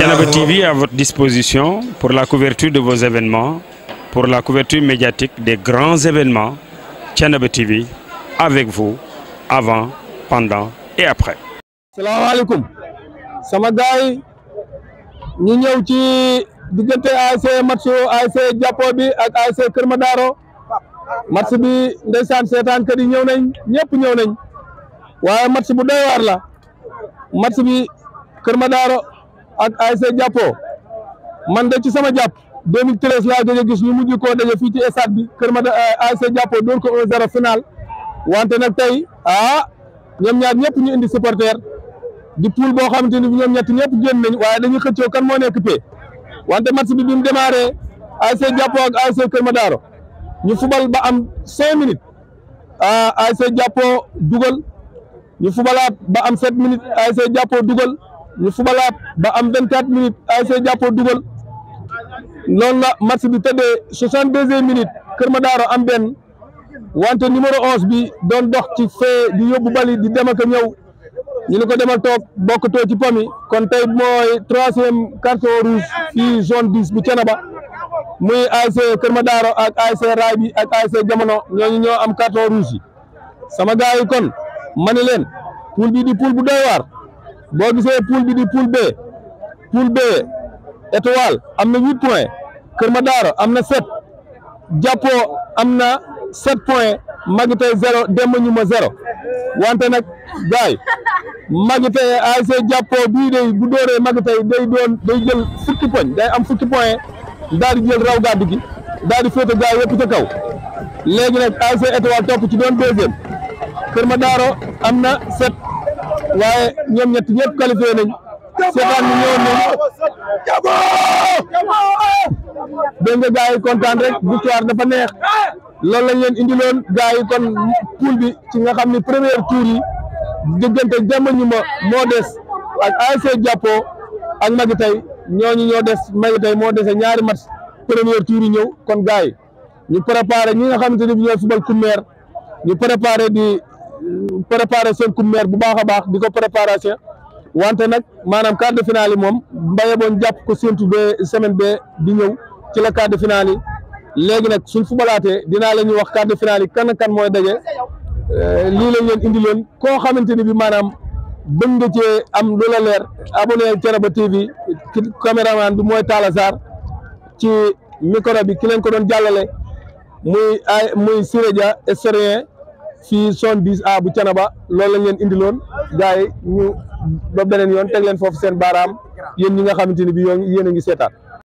Thiénaba TV à votre disposition pour la couverture de vos événements, pour la couverture médiatique des grands événements. Thiénaba TV avec vous avant, pendant et après. salaamaaleykum sama gars yi ñu ci diggante ASC matchu ASC Jàppo bi ak ASC Kër Madaro match bi ndeysaan seetaan kër yi ñëw nañ ñëpp ñëw nañ waaye match bu doy waar bi Kër ak ASC jàppoo man de ci sama jàpp 2013 laa gëj a gis ñu mujj koo daje fii ci stade bi Kër Mada eh, ASC jàppoo dóor ko 1 final wante nag tey ah ñoom ñaar ñëpp ñu indi supporter di poul boo xamante ni ñoom ñett ñëpp génn nañ waaye dañuy xëccoo kan moo nekk wante match bi bi mu démarré jàppo jàppoo ak ASC Kër Madaaro ñu fubal ba am cinq minutes ah ASC jàppoo dugal ñu fubalaat ba am sept minutes ASC dugal ñu fubalaat ba am vingt quatre minutes ASC jàppoo dugal loolu la match bi tëddee soixante deuxième minutes Kër Madaro am benn wante numéro onze bi doon dox ci fee di yóbbu bali di dem ak ñëw ñu ne ko demal toog bokkatoo ci pomi kon tey mooy troisième carton rouge fii zone dix bu Thiénaba muy ASC Kër daaro ak ASC Raay bi ak ASC Jamono ñooñu ñoo am carton rouge sama gars yi kon ma ne leen poul bi di poul bu doy waar boo gisee poule bi di poule B poule B étoile am na huit points Kër daaro am na set Jàppo am na sept points Magite zéro Demba Ñuma zéro wante nag gaay Magite ASC Jàppo bii day bu dóoree Magite day doon day jël fukki poñ day am fukki point daal di jël raw gàddu gi daal di féete gaay yëpp ca kaw léegi nag ASC étoile topp ci doon deuxième Kër Madaro am na sept waaye ñoom ñett ñëpp qualifié nañ seetaan ñu ñëwoon nañ jabo dégg nga gars yi kontaan rek victoire dafa neex loolu lañ leen indiloon gars yi kon poule bi ci nga xam ne premier tour yi diggante jàmm moo des ak ASC Jàppo ak Magi Tay ñooñu ñoo des Magi Tay moo dese ñaari match premier tour yi ñëw kon gars yi ñu préparé ñi nga xamante ne bi ñoo subal kummeer ñu préparé di préparer seen coupe bu baax a baax di ko préparation wante nag maanaam quart de finale moom mbaye boon jàpp ko séntu ba semaine ba di ñëw ci la quart de finale yi léegi nag suñ fu balaatee dinaa la ñuy wax quart de finale yi kan ak kan mooy daje euh, lii lañ indi leen koo xamante ni bi maanaam bëgg nga am lu la leer abonné ba TV caméraman bi mooy Talla Sarr ci micro bi ki ko doon jàllale muy ay muy Siré ci zone 10 A ah, bu Canaba loolu lañ leen indiloon gars yi ñu ba beneen yoon teg leen foofu seen baaraam yéen ñi nga xamante ni bi yéen a ngi seetaan